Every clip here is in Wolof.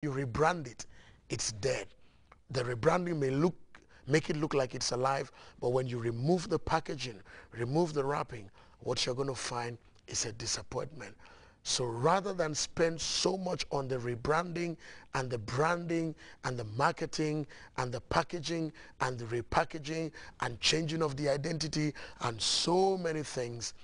you rebrand it, it's dead. The rebranding may look, make it look like it's alive, but when you remove the packaging, remove the wrapping, what you're going to find is a disappointment. So rather than spend so much on the rebranding and the branding and the marketing and the packaging and the repackaging and changing of the identity and so many things,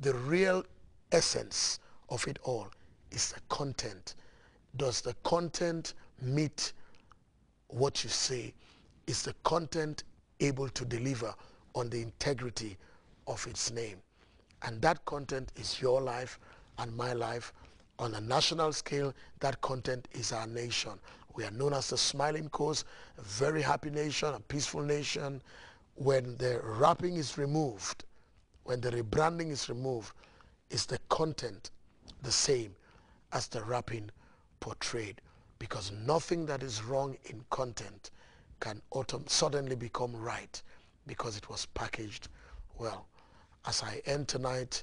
the real essence of it all is the content does the content meet what you say? Is the content able to deliver on the integrity of its name? And that content is your life and my life. On a national scale, that content is our nation. We are known as the Smiling Coast, a very happy nation, a peaceful nation. When the wrapping is removed, when the rebranding is removed, is the content the same as the wrapping portrayed because nothing that is wrong in content can suddenly become right because it was packaged well. As I end tonight,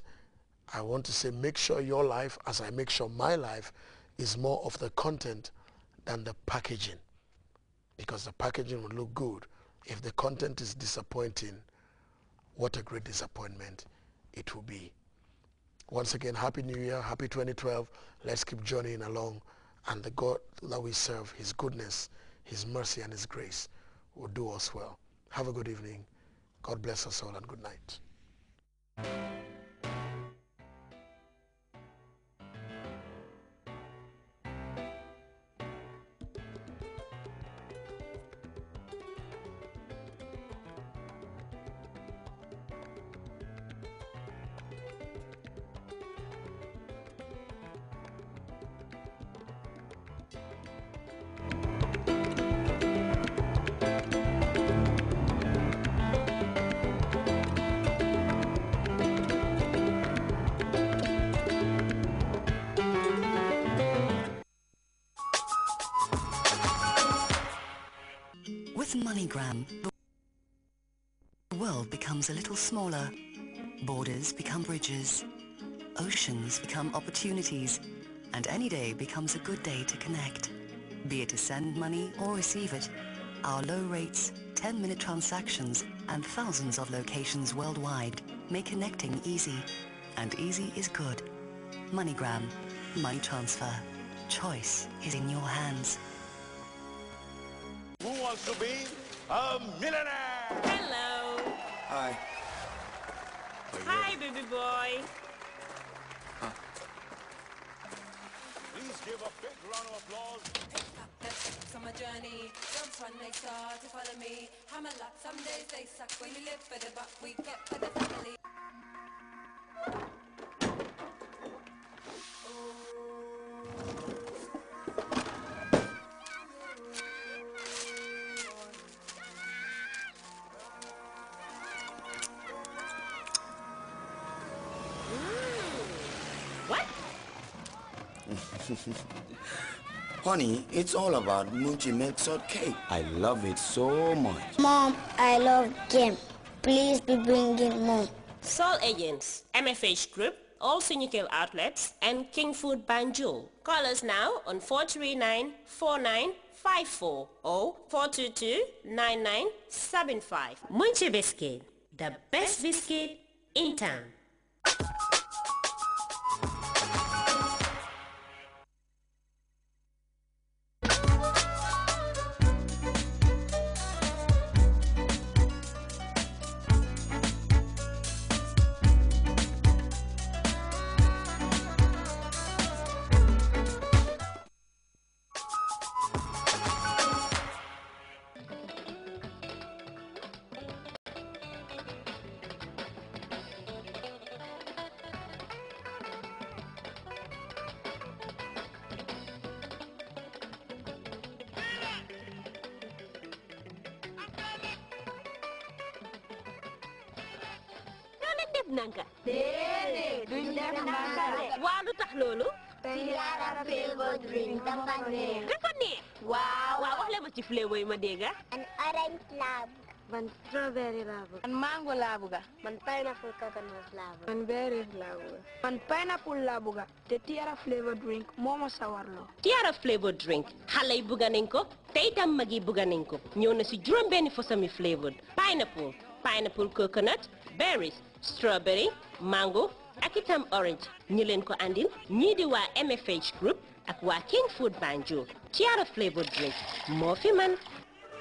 I want to say make sure your life, as I make sure my life, is more of the content than the packaging because the packaging will look good. If the content is disappointing, what a great disappointment it will be. Once again, Happy New Year, Happy 2012. Let's keep journeying along and the God that we serve, his goodness, his mercy, and his grace will do us well. Have a good evening. God bless us all and good night. MoneyGram, the world becomes a little smaller. Borders become bridges. Oceans become opportunities. And any day becomes a good day to connect. Be it to send money or receive it. Our low rates, 10-minute transactions, and thousands of locations worldwide make connecting easy. And easy is good. MoneyGram. Money transfer. Choice is in your hands wants to be a millionaire. Hello. Hi. Hi, baby boy. Huh. Please give a big round of applause. On my journey, jumps when they start to follow me. Hammer lap, some days they suck. When you live for the buck, we get for the family. Honey, it's all about Moochie milk Salt cake. I love it so much. Mom, I love Jim. Please be bringing more. Salt agents, MFH Group, all Sunical outlets, and King Food Banjul. Call us now on 439-4954 or 422-9975. Munchie Biscuit, the best biscuit in town. nanka déedéet duñ def nanka de waaw lu tax loolu Tilaara ma ci flavor yi ma dégg ah. an orange laa bëgg man strawberry laa bëgg man mango laa bëgg man pineapple coconut laa bëgg man berries te tiara flavor drink moo ma sawarloo tiara flavor drink xale yi bëgg nañ ko te itam mag yi bëgg ko ñëw na si juróom benn fosami flavor pineapple pineapple coconut berries strawberry mango ak itam orange ñi leen ko andil ñii di waa MFH group ak waa King Food Banjul Tiara flavored drink moo fi man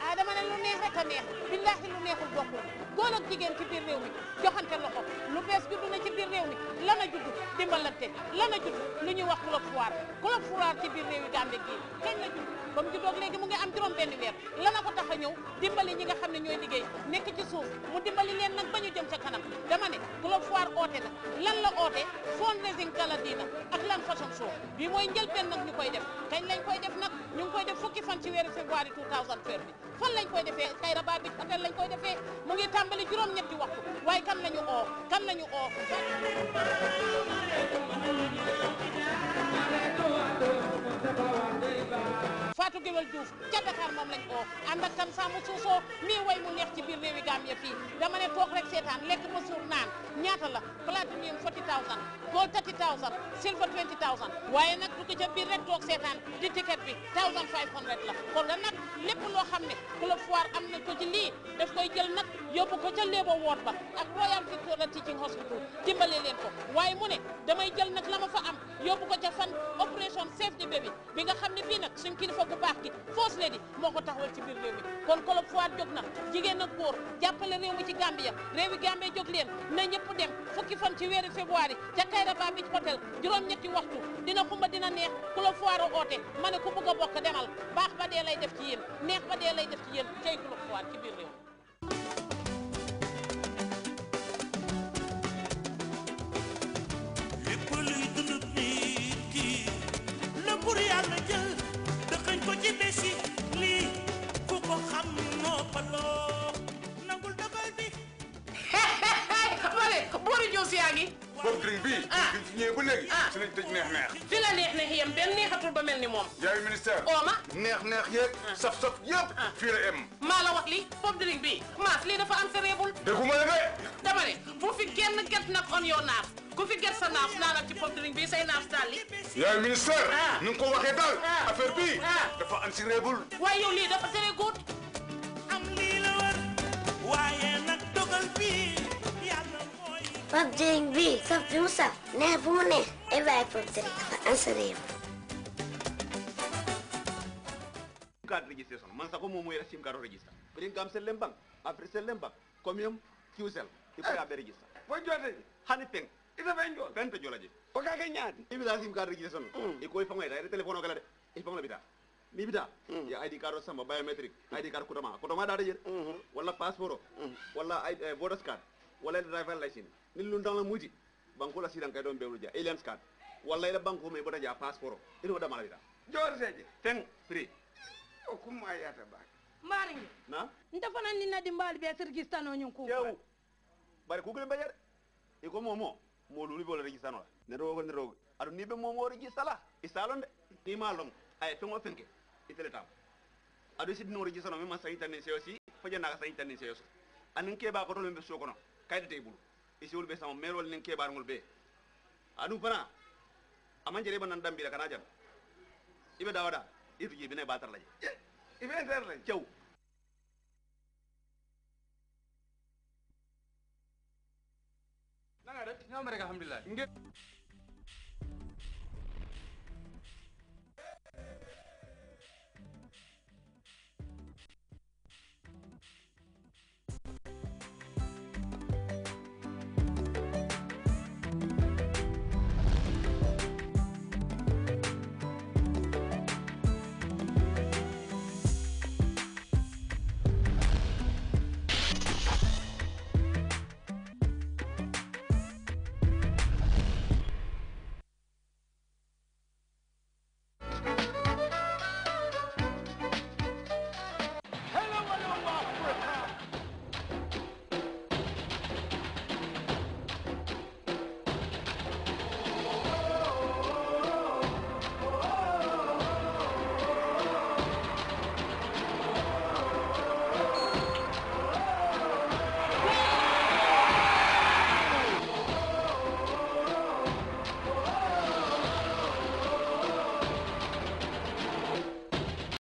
ah ne lu neex rek a neex billaahi lu neexul bokkul góor ak jigéen ci biir réew mi joxante loxo lu bees juddu na ci biir réew mi lan juddu dimbalante lan juddu lu ñuy wax club foire club foire ci biir réew yi Gambie gii kañ la juddu ba mu juddoo léegi mu ngi am juróom benn weer lana ko tax a ñëw dimbali ñi nga xam ne ñooy liggéey nekk ci suuf mu dimbali leen nag ba ñu jëm ca kanam dama ne Globe Foire oote na lan la oote fundraising kala diina ak lan fashion show bi mooy njëlbeen nag ñu koy def kañ lañ koy def nag ñu ngi koy def fukki fan ci weeru février 2012 bi fan lañ koy defee Kairaba Bar bi hotel lañ koy defee mu ngi tàmbali juróom-ñetti waxtu waaye kan lañu oo kan lañu oo Diouf ca Dakar moom lañ oo ànd ak tam Samba Suso mii way mu neex ci biir réewi Gambie fii dama ne toog rek seetaan lekk ma suur naan ñaata la platinum forty thousand gold thirty thousand silver twenty thousand waaye nag du ko ca biir rek toog seetaan di ticket bi thousand five la kon nag lépp loo xam ne club foire am na ko ci lii daf koy jël nag yóbbu ko ca léebo woot ba ak Royal Victoria Teaching Hospital dimbale leen ko waaye mu ne damay jël nag la ma fa am yóbbu ko ca fan opération Save the Baby bi nga xam ne bii nag suñ kilifa gu baax gi First Lady moo ko taxawal ci biir réew mi kon club foire jóg na jigéen ak góor jàppale réew mi ci Gambia réewi Gambia jóg leen ñëpp dem fukki fan ci weeru février ca Kairaba Beach Hotel juróom-ñetti waxtu dina xumba dina neex ku la foire oote ma ne ku bugg a bokk demal baax ba dee lay def ci yéen neex ba dee lay def ci yéen cay ku la foire ci biir réew tëj bu léegi. ah suñu tëj neex neex. fi la neex neex yem benn neexatul ba mel ni moom. yaay ministère. ooma neex neex yeeg. saf saf yëpp. fii la em. maa la wax li pop drink bi maas lii dafa am sereebul. déggu ma la de. dama ne bu fi kenn get nag on yow naaf ku fi get sa naaf naanal ci pop drink bi say naaf daal li. yaay ministère. ah ni nga ko waxee daal. affaire bi dafa am sereebul. waaye yow lii dafa sereegut. am lii la war waaye nag dogal bi. PUBG ఎంబి సబ్ చూసా నే పూనే ఇవే PUBG అన్సరేయం card registration man sa ko momo yera sim card register prin kam sel lembang après sel lembang comium qsel ipo ya be register bo jote hani peng ita ben jol ben to jolaji o ka ga nyaati ibi da sim card registration mm. e ko ifo ngai da telephone kala de ifo ngai bita ni bita ya id card sama biometric id card kutama kutama da de wala passport wala voters card wala ida driver license kan. oh, nah? ya, ni luntang la muti banko la sidan kay don beul ja aliens card wallahi la banko me boda ja passport ina wada mala dira jor seje teng pri o kuma ya ta ba maringe na nda fana ni na dimbal be kirgistan o nyun ko yow bari ku gulen bayar e ko momo mo lu bo la registano la ne rogo ne rogo adu ni be momo registala isalon de ni malom ay mo fenke itele tam adu sidno registano me ma sayta ne seyosi faje na ka sayta se aussi anin ke ba ko to be so kayitata e bulu isiwol be sama merol nin kebarngol be anu fana aman jere banan dambira kana jam ibe dawada itu ne batar laje ibe ter laje cew nanga de ngamre alhamdullilah